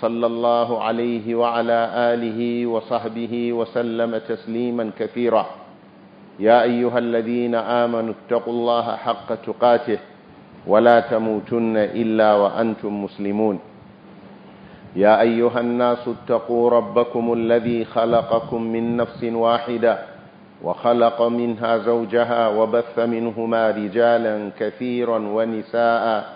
صلى الله عليه وعلى آله وصحبه وسلم تسليما كثيرا يا أيها الذين آمنوا اتقوا الله حق تقاته ولا تموتن إلا وأنتم مسلمون يا أيها الناس اتقوا ربكم الذي خلقكم من نفس واحدة وخلق منها زوجها وبث منهما رجالا كثيرا ونساء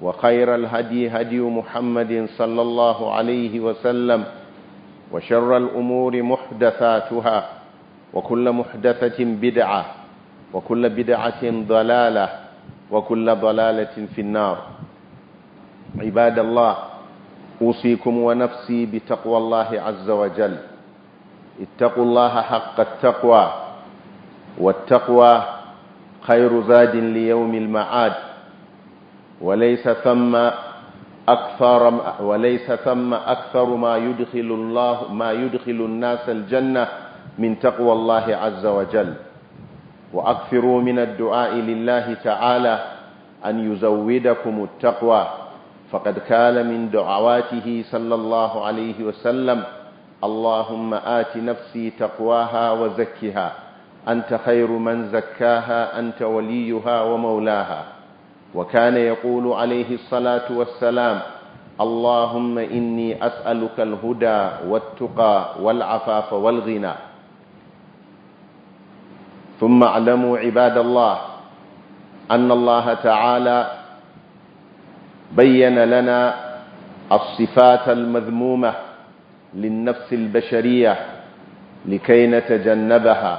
وخير الهدي هدي محمد صلى الله عليه وسلم وشر الأمور محدثاتها وكل محدثة بدعة وكل بدعة ضلالة وكل ضلالة في النار عباد الله أوصيكم ونفسي بتقوى الله عز وجل اتقوا الله حق التقوى والتقوى خير زاد ليوم المعاد وليس ثم أكثر وليس ثم أكثر ما يدخل الله ما يدخل الناس الجنة من تقوى الله عز وجل وأكثروا من الدعاء لله تعالى أن يزودكم التقوى فقد كان من دعواته صلى الله عليه وسلم اللهم آت نفسي تقواها وزكها أنت خير من زكاها أنت وليها ومولاها وكان يقول عليه الصلاة والسلام اللهم إني أسألك الهدى والتقى والعفاف والغنى ثم اعلموا عباد الله أن الله تعالى بين لنا الصفات المذمومة للنفس البشرية لكي نتجنبها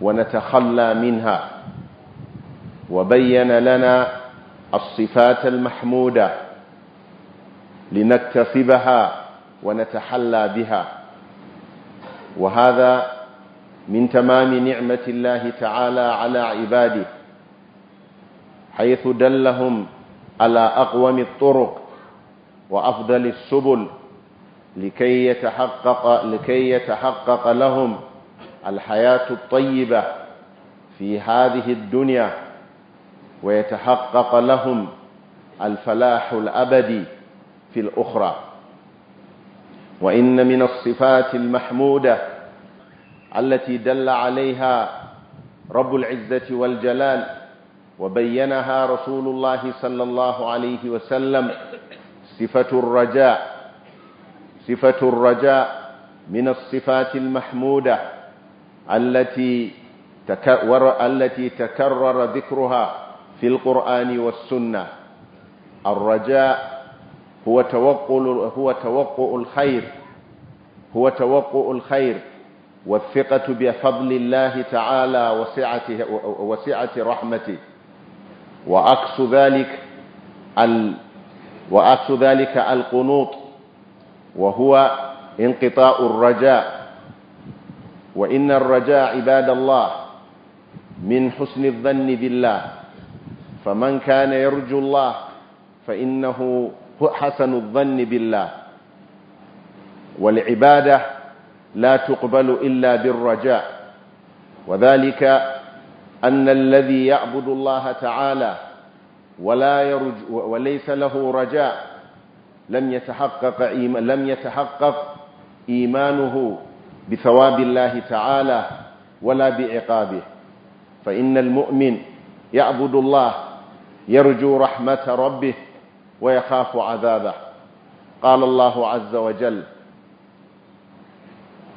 ونتخلى منها وبين لنا الصفات المحمودة لنكتسبها ونتحلى بها وهذا من تمام نعمة الله تعالى على عباده حيث دلهم على أقوم الطرق وأفضل السبل لكي يتحقق, لكي يتحقق لهم الحياة الطيبة في هذه الدنيا ويتحقق لهم الفلاح الأبدي في الأخرى وإن من الصفات المحمودة التي دل عليها رب العزة والجلال وبينها رسول الله صلى الله عليه وسلم صفة الرجاء صفة الرجاء من الصفات المحمودة التي تكرر ذكرها في القرآن والسنة الرجاء هو توقع هو توقع الخير هو توقع الخير والثقة بفضل الله تعالى وسعته وسعة رحمته وعكس ذلك ال وعكس ذلك القنوط وهو انقطاع الرجاء وإن الرجاء عباد الله من حسن الظن بالله فمن كان يرجو الله فإنه حسن الظن بالله والعبادة لا تقبل إلا بالرجاء وذلك أن الذي يعبد الله تعالى ولا يرجو وليس له رجاء لم يتحقق إيمان لم يتحقق إيمانه بثواب الله تعالى ولا بعقابه فإن المؤمن يعبد الله يرجو رحمة ربه ويخاف عذابه قال الله عز وجل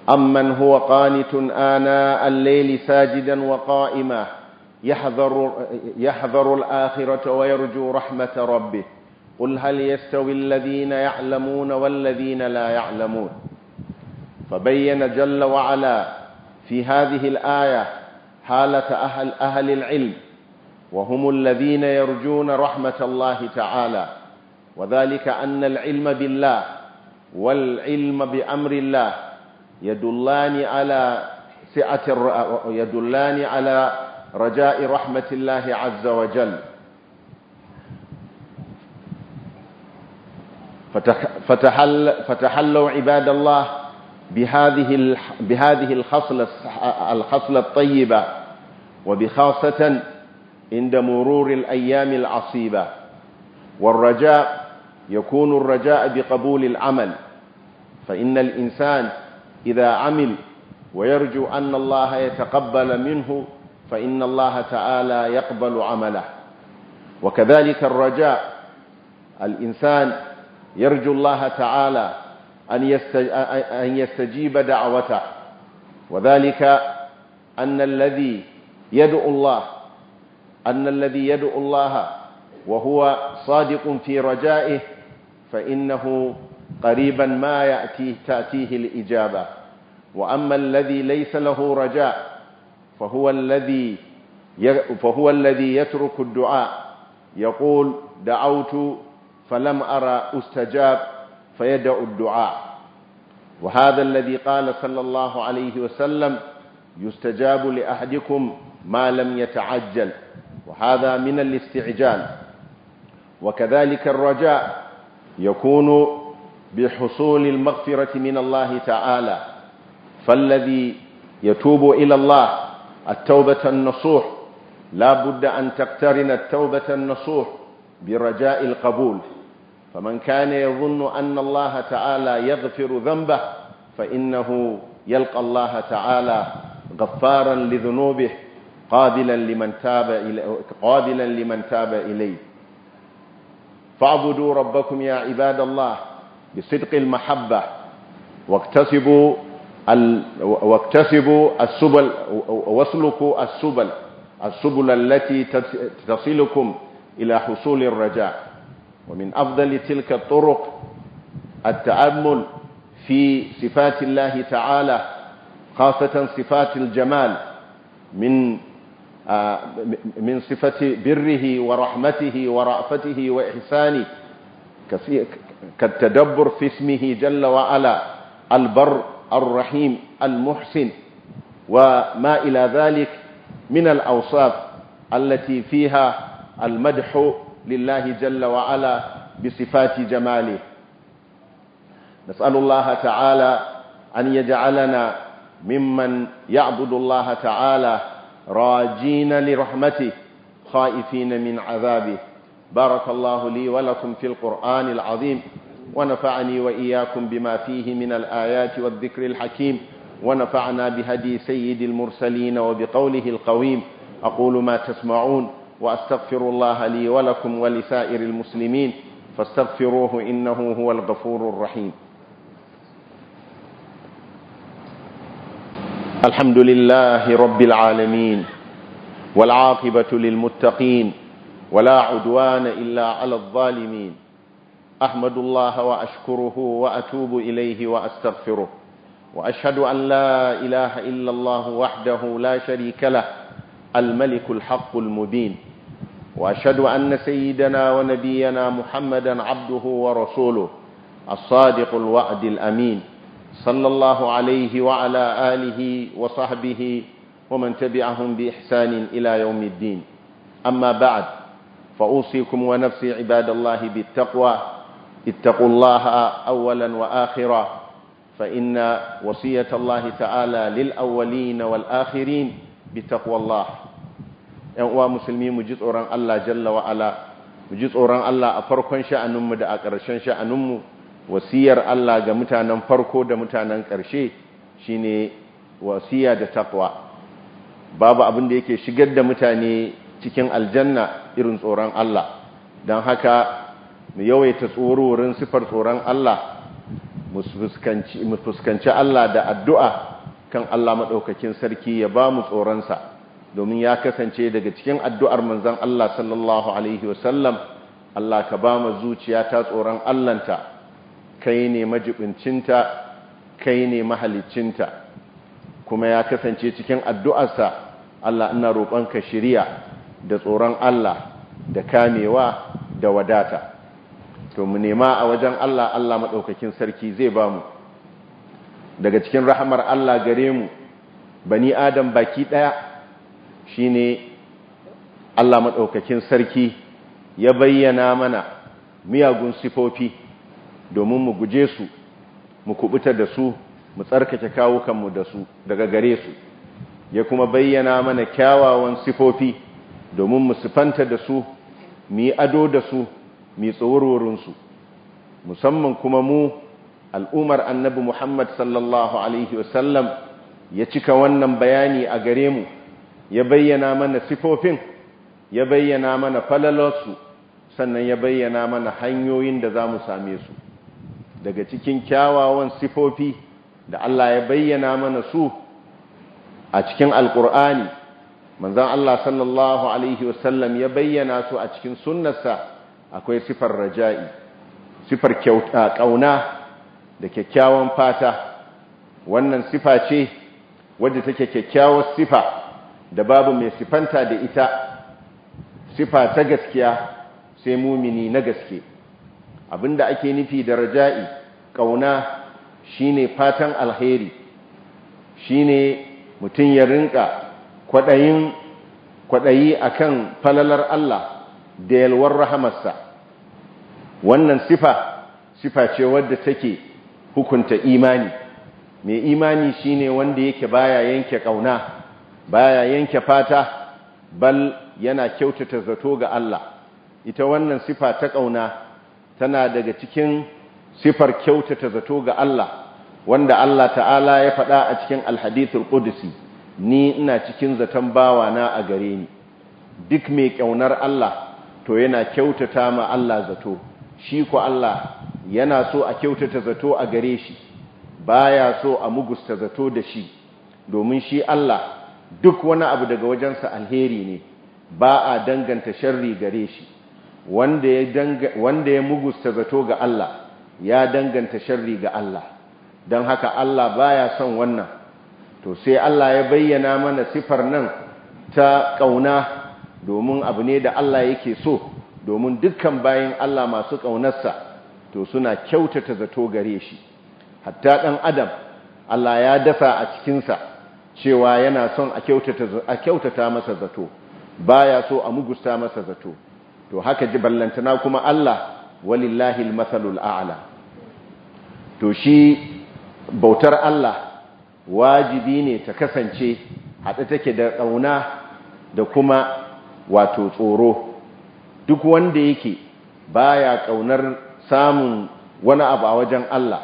أمن هو قانت آناء الليل ساجدا وقائما يحذر, يحذر الآخرة ويرجو رحمة ربه قل هل يستوي الذين يعلمون والذين لا يعلمون فبين جل وعلا في هذه الآية حالة أهل, أهل العلم وهم الذين يرجون رحمة الله تعالى وذلك أن العلم بالله والعلم بأمر الله يدلان على سعة يدلان على رجاء رحمة الله عز وجل فتحل فتحلوا عباد الله بهذه بهذه الخصلة الخصلة الطيبة وبخاصة عند مرور الأيام العصيبة والرجاء يكون الرجاء بقبول العمل فإن الإنسان إذا عمل ويرجو أن الله يتقبل منه فإن الله تعالى يقبل عمله وكذلك الرجاء الإنسان يرجو الله تعالى أن يستجيب دعوته وذلك أن الذي يدعو الله أن الذي يدعو الله وهو صادق في رجائه فإنه قريبا ما يأتيه تأتيه الإجابة وأما الذي ليس له رجاء فهو الذي فهو الذي يترك الدعاء يقول دعوت فلم أرى أستجاب فيدعو الدعاء وهذا الذي قال صلى الله عليه وسلم يستجاب لأحدكم ما لم يتعجل وهذا من الاستعجال وكذلك الرجاء يكون بحصول المغفرة من الله تعالى فالذي يتوب إلى الله التوبة النصوح لا بد أن تقترن التوبة النصوح برجاء القبول فمن كان يظن أن الله تعالى يغفر ذنبه فإنه يلقى الله تعالى غفارا لذنوبه قادلا لمن تاب إلي قادلا لمن تاب إليه فاعبدوا ربكم يا عباد الله بصدق المحبة واكتسبوا ال... واكتسبوا السبل واسلكوا السبل السبل التي تصلكم إلى حصول الرجاء ومن أفضل تلك الطرق التأمل في صفات الله تعالى خاصة صفات الجمال من آه، من صفة بره ورحمته ورأفته وإحسانه كالتدبر في اسمه جل وعلا البر الرحيم المحسن وما إلى ذلك من الأوصاف التي فيها المدح لله جل وعلا بصفات جماله نسأل الله تعالى أن يجعلنا ممن يعبد الله تعالى راجين لرحمته خائفين من عذابه بارك الله لي ولكم في القرآن العظيم ونفعني وإياكم بما فيه من الآيات والذكر الحكيم ونفعنا بهدي سيد المرسلين وبقوله القويم أقول ما تسمعون وأستغفر الله لي ولكم ولسائر المسلمين فاستغفروه إنه هو الغفور الرحيم الحمد لله رب العالمين والعاقبة للمتقين ولا عدوان إلا على الظالمين أحمد الله وأشكره وأتوب إليه وأستغفره وأشهد أن لا إله إلا الله وحده لا شريك له الملك الحق المبين وأشهد أن سيدنا ونبينا محمدا عبده ورسوله الصادق الوعد الأمين صلى الله عليه وعلى آله وصحبه ومن تبعهم بإحسان إلى يوم الدين أما بعد فأوصيكم ونفسي عباد الله بالتقوى اتقوا الله أولا وآخرا فإن وصية الله تعالى للأولين والآخرين بتقوى الله ‘yan مسلمين مجد أوران الله جل وعلا مجد أوران الله أفرقن Allah a أكرشن sha'aninmu da wasiyar Allah ga mutanen farko da mutanen ƙarshe shine wasiya da taqwa babu abin da yake shigar da mutane cikin aljanna irin tsoron Allah don haka mu yawaita tsororin sifar tsoron Allah mu fuskanci Allah da addu'a kan Allah maɗaukakin sarki ya ba mu tsoronsa domin ya kasance daga cikin addu'ar manzan Allah sallallahu Alaihi wasallam Allah ka ba mu zuciya ta tsoron Allahnta kai ne majibincinta kai ne mahalicinta kuma ya kasance cikin addu'arsa Allah ina roƙonka shiriya da tsoron Allah da kamewa da wadata to mu nema a wajen Allah Allah maɗaukakin sarki zai ba mu daga cikin rahamar Allah gare mu bani adam baki ɗaya shine Allah maɗaukakin sarki ya bayyana mana miyagun sifofi domin mu guje su mu kubuta da su mu tsarkake kawukanmu da su daga gare su ya kuma bayyana mana kyawawan sifofi domin mu sifanta da su mu yi ado da su mu yi tsawarwarinsu musamman kuma mu al'umar annabi muhammad sallallahu alaihi wasallam ya cika wannan bayani a gare mu ya bayyana mana sifofin ya bayyana mana falalarsu sannan ya bayyana mana hanyoyin da za mu same su daga cikin kyawawan sifofi da Allah ya bayyana mana su a cikin alkur'ani manzan Allah sallallahu alaihi wasallam ya bayyana su a cikin sunnarsa akwai sifar raja'i sifar kyauta kauna da kyakkyawan fata wannan sifa ce wadda take kyakkyawar sifa da babu mai sifanta da ita sifa ta gaskiya sai mumini na gaske abinda ake nufi da raja'i kauna shine fatan alheri shine mutum ya rinka kwadayin kwadayi akan falalar Allah da yalwar rahamarsa wannan sifa sifa ce wadda take hukunta imani mai imani shine wanda yake baya yanke kauna baya yanke fata bal yana kyautata zato ga Allah ita wannan sifa ta kauna tana daga cikin sifar kyautata zato ga Allah wanda Allah ta'ala ya faɗa a cikin alhadithul qudsi ni ina cikin zaton bawa na a gare ni duk mai kyaunar Allah to yana kyautata ma Allah zato shi ko Allah yana so a kyautata zato a gare shi baya so a mugusta zato da shi domin shi Allah duk wani abu daga wajensa alheri ne ba a danganta sharri gare shi wanda ya mugusta zato ga Allah ya danganta sharri ga Allah don haka Allah baya son wannan to sai Allah ya bayyana mana sifar nan ta ƙauna domin abu ne da Allah yake so domin dukkan bayan Allah masu ƙaunarsa to suna kyautata zato gare shi hatta ɗan adam Allah ya dafa a cikinsa cewa yana son a kyautata masa zato baya so a mugusta masa zato to haka ji ballantana kuma Allah walillahi almathalul a'la to shi bautar Allah wajibi ne ta kasance haɗe take da ƙauna da kuma wato tsoro duk wanda yake baya ƙaunar samun wani abu a wajen Allah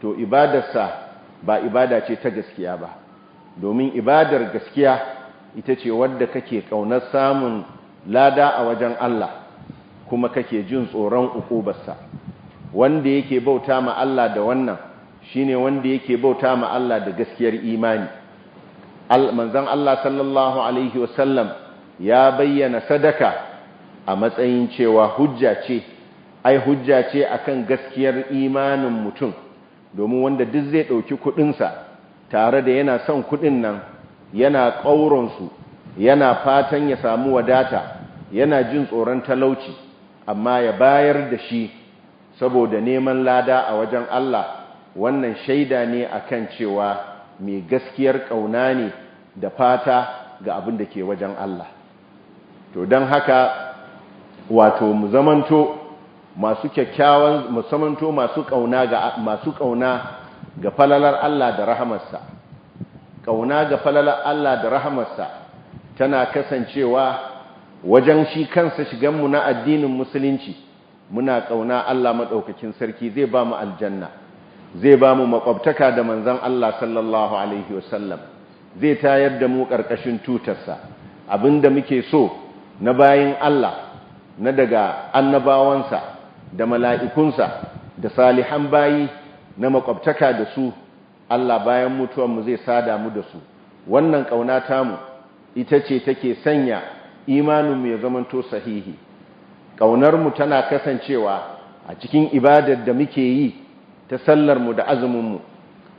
to ibadarsa ba ibada ce ta gaskiya ba domin ibadar gaskiya ita ce wadda kake ƙaunar samun lada a wajen Allah kuma kake jin tsoron ukubarsa wanda yake bauta ma Allah da wannan shine wanda yake bauta ma Allah da gaskiyar imani manzon Allah sallallahu alaihi wasallam ya bayyana sadaka a matsayin cewa hujja ce ai hujja ce akan gaskiyar imanin mutum domin wanda duk zai ɗauki kuɗinsa tare da yana son kuɗin nan yana su, yana fatan ya samu wadata yana jin tsoron talauci amma ya bayar da shi saboda neman lada a wajen Allah wannan shaida ne akan cewa mai gaskiyar ƙauna ne da fata ga abin da ke wajen Allah to don haka wato mu zamanto masu kyakkyawan musamanto masu kauna ga masu kauna ga falalar Allah da rahamarsa kauna ga falalar Allah da rahamarsa tana kasancewa wajen shi kansa shiganmu na addinin musulunci muna ƙauna Allah maɗaukakin sarki zai ba mu aljanna zai ba mu maƙwabtaka da manzan Allah sallallahu Alaihi wasallam zai tayar da mu ƙarƙashin tutarsa abin da muke so na bayan Allah na daga annabawansa da mala'ikunsa da salihan bayi na maƙwabtaka da su Allah bayan mutuwanmu zai sada mu da su wannan ƙauna tamu ita ce take sanya imaninmu ya zamanto sahihi ƙaunarmu tana kasancewa a cikin ibadar da muke yi ta sallarmu da azuminmu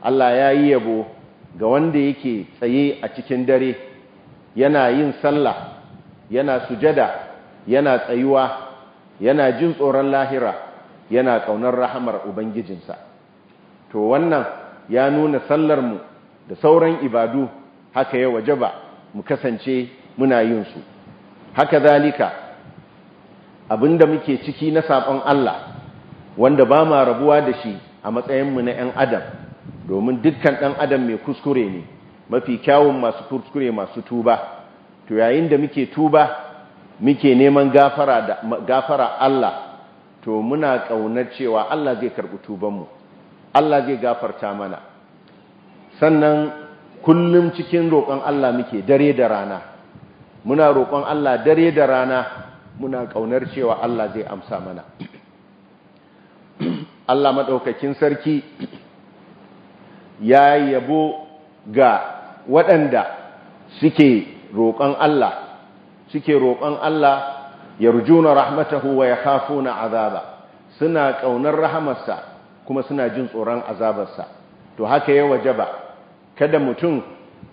Allah ya yi yabo ga wanda yake tsaye a cikin dare yana yin sallah yana sujada yana tsayuwa yana jin tsoron lahira yana ƙaunar rahamar ubangijinsa to wannan ya nuna sallarmu da sauran ibadu haka ya ba mu kasance muna yin su haka zalika abinda muke ciki na sabon Allah wanda ba ma rabuwa da shi a matsayinmu na 'yan adam domin dukkan ɗan adam mai kuskure ne mafi kyawun masu kuskure masu tuba to yayin da muke tuba muke neman gafara Allah to muna ƙaunar cewa Allah zai karɓi tubanmu Allah zai gafarta mana sannan kullum cikin roƙon Allah muke dare da rana muna roƙon Allah dare da rana muna ƙaunar cewa Allah zai amsa mana Allah maɗaukakin sarki ya yabo ga waɗanda suke roƙon Allah suke roƙon Allah yarjuna rahmatahu wa na azaba suna ƙaunar rahamarsa kuma suna jin tsoron azabarsa to haka ya wajaba kada mutum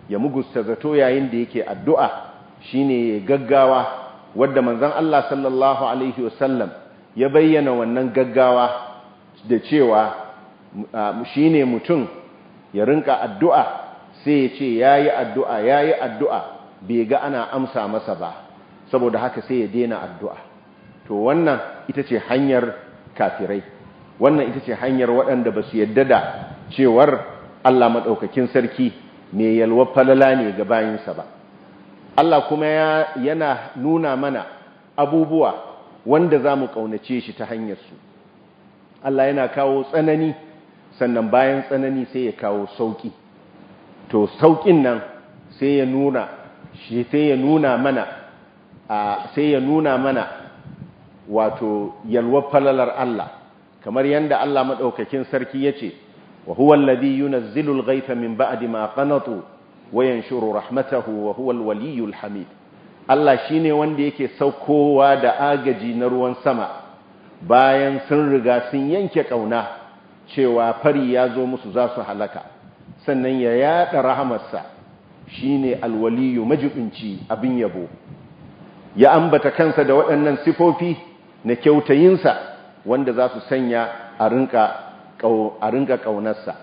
ya mugusta zato yayin da yake addu'a shine gaggawa wadda manzon Allah sallallahu alaihi wasallam ya bayyana wannan gaggawa da cewa shine mutum ya rinka addu'a sai ya ce yayi addu'a yayi addu'a bai ga ana amsa masa ba saboda haka sai ya daina addu'a to wannan ita ce hanyar kafirai wannan ita ce hanyar waɗanda ba su yadda da cewar Allah maɗaukakin sarki mai yalwar falala ne ga bayinsa ba Allah kuma yana nuna mana abubuwa wanda za mu ƙaunace shi ta hanyarsu Allah yana kawo tsanani sannan bayan tsanani sai ya kawo sauƙi to sauƙin nan sai ya nuna sai ya nuna mana sai ya nuna mana wato yalwar falalar Allah kamar yadda Allah maɗaukakin sarki ya ce wa huwa yi na zilul gaifa min ba'adi ma ƙanatu wayanshuru rahmatahu wa huwal waliyul hamid Allah shine wanda yake saukowa da agaji na ruwan sama bayan sun riga sun yanke kauna cewa fari ya zo musu za su halaka sannan ya yada rahamarsa shine alwaliyu majibinci abin yabo ya ambata kansa da waɗannan sifofi na kyautayinsa wanda za su sanya a rinka ƙaunarsa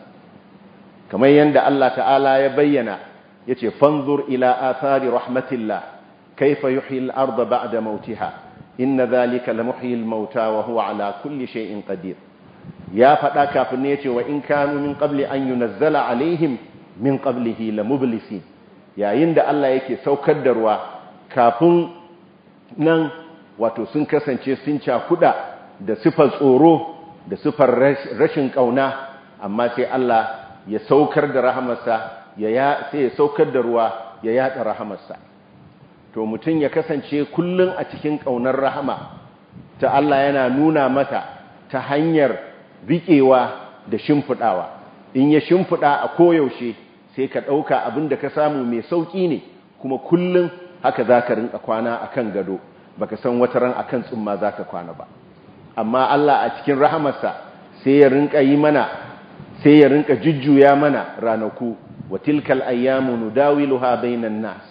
kamar yadda Allah ta'ala ya bayyana yace fanzur ila athari rahmatillah kayfa yuhyi al-ardha ba'da mautiha inna dhalika lamuhyi al-mauta wa huwa ala kulli shay'in qadir ya fada kafin ne yace wa in kanu min qabli an yunazzala alaihim min qablihi lamublisin yayin da Allah yake saukar da ruwa kafin nan wato sun kasance sun cakuda da sifar tsoro da sifar rashin kauna amma sai Allah ya saukar da rahmarsa ya sai ya saukar da ruwa ya yada rahamarsa to mutum ya kasance kullum a cikin ƙaunar rahama ta Allah yana nuna mata ta hanyar riƙewa da shimfiɗawa in ya shimfiɗa a koyaushe sai ka ɗauka abin da ka samu mai sauƙi ne kuma kullum haka za ka rinka kwana a kan gado ba ka san wata ran a kan tsumma za ka kwana ba amma Allah a cikin rahamarsa sai ya rinka yi mana sai ya rinka jujjuya mana ranaku wa tilkal ayyamu nudawiluha bainan nas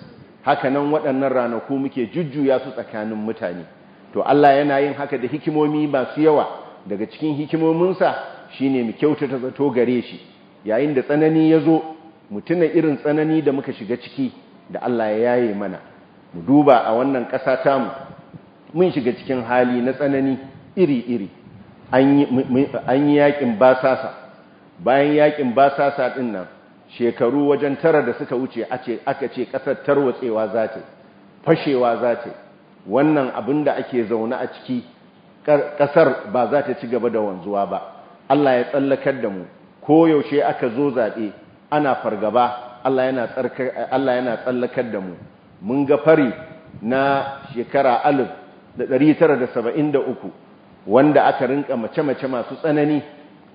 haka nan waɗannan ranaku muke jujjuya su tsakanin mutane to Allah yana yin haka da hikimomi masu yawa daga cikin hikimominsa shine mu kyautata zato gare shi yayin da tsanani yazo zo irin tsanani da muka shiga ciki da Allah ya yaye mana mu duba a wannan ƙasa tamu mun shiga cikin hali na tsanani iri-iri an yi yakin basasa bayan yakin basasa ɗinnan. nan shekaru wajen tara da suka wuce aka ce ƙasar tarwatsewa za ta fashewa za ta wannan abin da ake zaune a ciki ƙasar ba za ta ci gaba da wanzuwa ba Allah ya tsallakar da mu koyaushe aka zo zaɓe ana fargaba Allah yana tsallakar da mu mun ga fari na shekara alif da ɗari tara da saba'in da uku wanda aka rinka mace-mace masu tsanani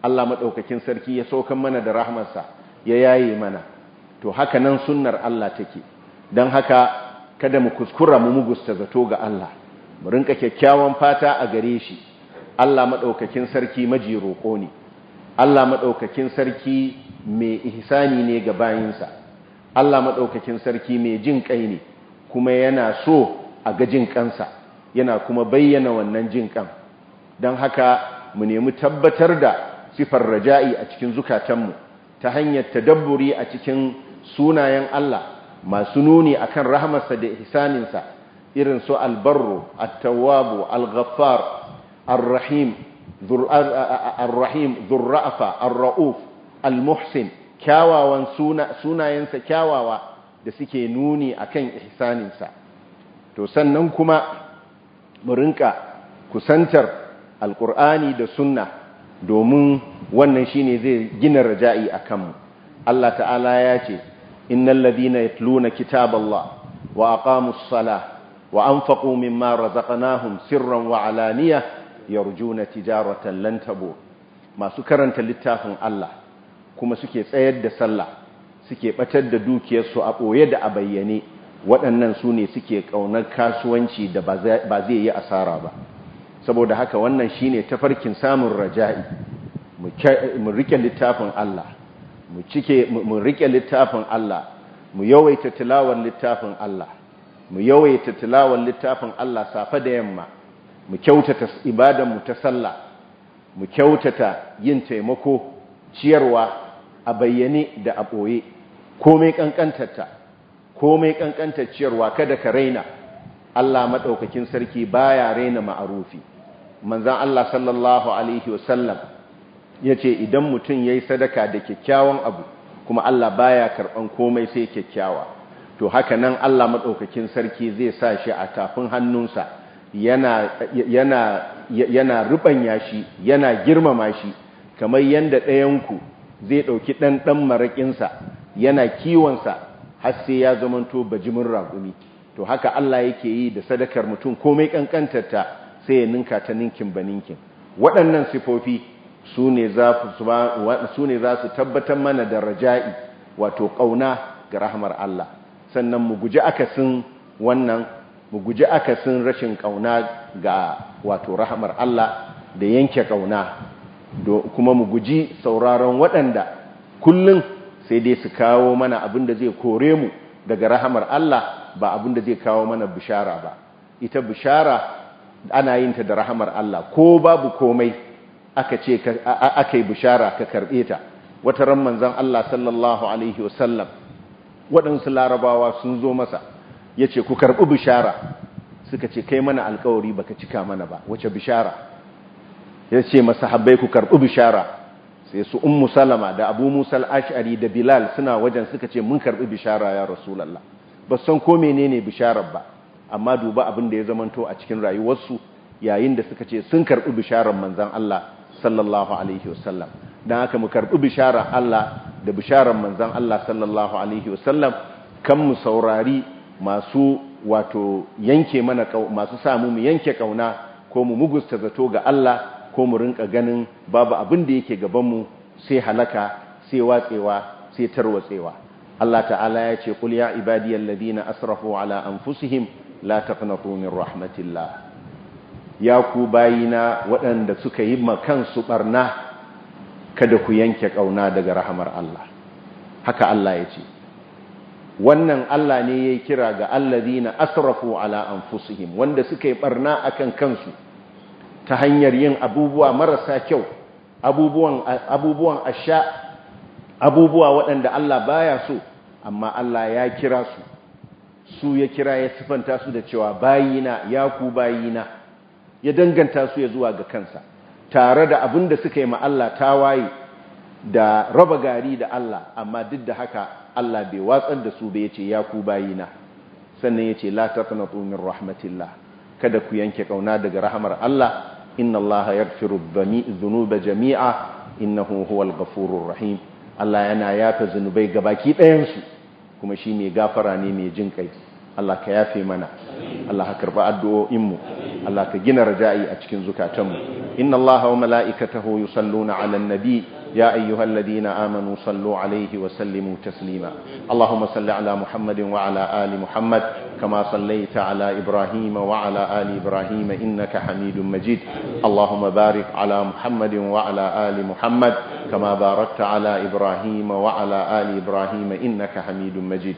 Allah maɗaukakin sarki ya saukan mana da rahmarsa ya yaye mana to haka nan sunnar Allah take don haka kada mu kuskura mu mugusta zato ga Allah mu rinka kyakkyawan fata a gare shi Allah maɗaukakin sarki maji roƙo ne Allah maɗaukakin sarki mai ihsani ne ga bayinsa Allah maɗaukakin sarki mai jin ƙai ne kuma yana so a ga jin ƙansa yana kuma bayyana wannan jin ƙan don haka mu nemi tabbatar da sifar raja'i a cikin zukatanmu ta hanyar tadabburi a cikin sunayen Allah masu nuni akan rahmarsa da ihsaninsa irin su albarru Attawabu, tawwabu al-ghaffar ar-rahim ar-rahim rauf al-muhsin kyawawan sunayensa kyawawa da suke nuni akan ihsaninsa to sannan kuma mu rinka kusantar alƙur'ani da sunna domin wannan shine zai gina raja'i a kanmu Allah ta'ala ya ce innal ladina yatluna kitaballah wa aqamus salah wa anfaqu mimma razaqnahum sirran wa alaniya yarjuna tijaratan lan masu karanta littafin Allah kuma suke tsayar da sallah suke ɓatar da dukiyarsu a ɓoye da a bayyane waɗannan su ne suke ƙaunar kasuwanci da ba zai yi asara ba saboda haka wannan shine tafarkin samun raja'i mu rike littafin Allah mu cike mu rike littafin Allah mu yawaita tilawar littafin Allah mu yawaita tilawar littafin Allah safa da yamma mu kyautata ibadan mu ta sallah mu kyautata yin taimako ciyarwa a bayyane da a boye komai kankantarta komai kankantar ciyarwa kada ka raina Allah madaukakin sarki baya raina ma'arufi manzan Allah sallallahu alaihi wasallam ya ce idan mutum ya yi sadaka da kyakkyawan abu kuma Allah baya karɓan komai sai kyakkyawa to haka nan Allah maɗaukakin sarki zai sa shi a tafin hannunsa yana ruɓanya shi yana girmama shi kamar yadda ɗayanku zai ɗauki ɗanɗan maraƙinsa yana kiwonsa har sai ya zamanto bajimin raƙumi to haka Allah yake yi da sadakar mutum komai ƙanƙantarta sai ya ninka ta ninkin ba ninkin waɗannan sifofi su ne za su tabbatar mana da raja'i wato ƙauna ga rahamar Allah sannan mu guji akasin wannan mu guji akasin rashin ƙauna ga wato rahamar Allah da yanke ƙauna kuma mu guji sauraron waɗanda kullum sai dai su kawo mana abin da zai kore mu daga rahamar Allah ba abin da zai kawo mana bishara ba ita bishara ana yin ta da rahamar Allah ko babu komai aka ce aka yi bishara ka karbe ta wata ran manzon Allah sallallahu alaihi wasallam waɗansu larabawa sun zo masa yace ku karbi bishara suka ce kai mana alkawari baka cika mana ba wace bishara yace masahabbai ku karbi bishara sai su ummu salama da abu musal ash'ari da bilal suna wajen suka ce mun karbi bishara ya rasulullah ba san ko menene bisharar ba amma duba abin da ya zamanto a cikin rayuwarsu yayin da suka ce sun karɓi bisharar manzan Allah sallallahu alaihi wasallam don haka mu karɓi bisharar Allah da bisharar manzan Allah sallallahu alaihi wasallam kan mu saurari masu wato yanke mana masu samu mu yanke kauna ko mu mugusta zato ga Allah ko mu rinka ganin babu abin da yake gabanmu sai halaka sai watsewa sai tarwatsewa Allah ta'ala ya ce qul ya ladina asrafu ala anfusihim la taqnatu min rahmatillah ya ku bayina waɗanda suka yi makansu barna kada ku yanke kauna daga rahamar Allah haka Allah ya ce wannan Allah ne yayi kira ga alladhina asrafu ala anfusihim wanda suka yi barna akan kansu ta hanyar yin abubuwa marasa kyau abubuwan abubuwan asha abubuwa waɗanda Allah baya so amma Allah ya kira su su ya kira ya sifanta su da cewa bayina ya ku bayina ya danganta su ya zuwa ga kansa tare da abin da suka yi ma Allah waye da raba gari da Allah amma duk da haka Allah bai watsar da su bai ce ya ku bayina sannan ya ce la taqnatu min rahmatillah kada ku yanke kauna daga rahamar Allah inna Allah yaghfiru dhunuba jami'a innahu huwal gafurur rahim Allah yana yafe zunubai gabaki ɗayan su kuma shi mai gafara ne mai jin kai Allah ka yafe mana Allah ka karba addu'o'inmu Allah ka gina raja'i a cikin zukatanmu inna Allah wa mala'ikatahu yusalluna 'alan nabi يا أيها الذين آمنوا صلوا عليه وسلموا تسليما اللهم صل على محمد وعلى آل محمد كما صليت على إبراهيم وعلى آل إبراهيم إنك حميد مجيد اللهم بارك على محمد وعلى آل محمد كما باركت على إبراهيم وعلى آل إبراهيم إنك حميد مجيد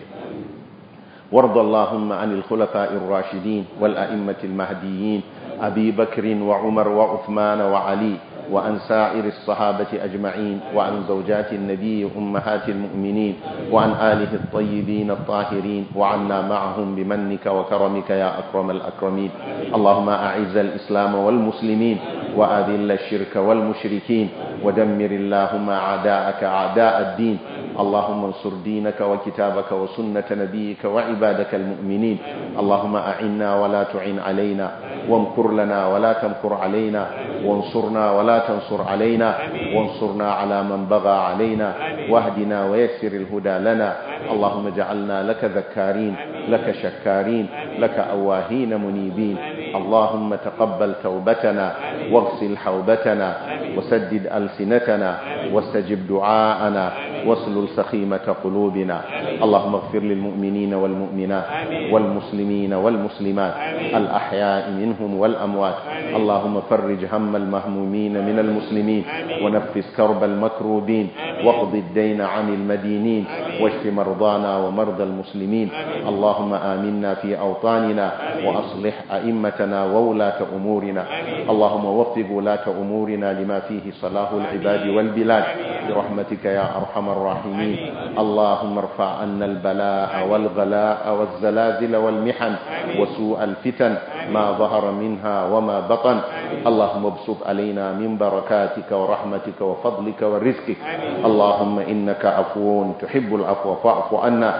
وارض اللهم عن الخلفاء الراشدين والأئمة المهديين أبي بكر وعمر وعثمان وعلي وعن سائر الصحابة أجمعين وعن زوجات النبي أمهات المؤمنين وعن آله الطيبين الطاهرين وعنا معهم بمنك وكرمك يا أكرم الأكرمين اللهم أعز الإسلام والمسلمين وأذل الشرك والمشركين ودمر اللهم أعداءك أعداء الدين اللهم انصر دينك وكتابك وسنة نبيك وعبادك المؤمنين اللهم أعنا ولا تعن علينا وامكر لنا ولا تمكر علينا وانصرنا ولا تنصر علينا وانصرنا على من بغى علينا واهدنا ويسر الهدى لنا اللهم اجعلنا لك ذكارين لك شكارين لك أواهين منيبين اللهم تقبل توبتنا واغسل حوبتنا وسدد ألسنتنا واستجب دعاءنا وصل سخيمة قلوبنا اللهم اغفر للمؤمنين والمؤمنات والمسلمين والمسلمات الأحياء منهم والأموات اللهم فرج هم المهمومين من المسلمين ونفس كرب المكروبين واقض الدين عن المدينين واشف مرضانا ومرضى المسلمين اللهم آمنا في أوطاننا وأصلح أئمتنا وولاة أمورنا اللهم وفق ولاة أمورنا لما فيه صلاح العباد والبلاد برحمتك يا أرحم الراحمين اللهم ارفع عنا البلاء والغلاء والزلازل والمحن وسوء الفتن ما ظهر منها وما بطن اللهم ابسط علينا من بركاتك ورحمتك وفضلك ورزقك اللهم إنك عفو تحب العفو فاعف عنا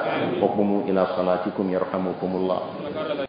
وقوموا إلى صلاتكم يرحمكم الله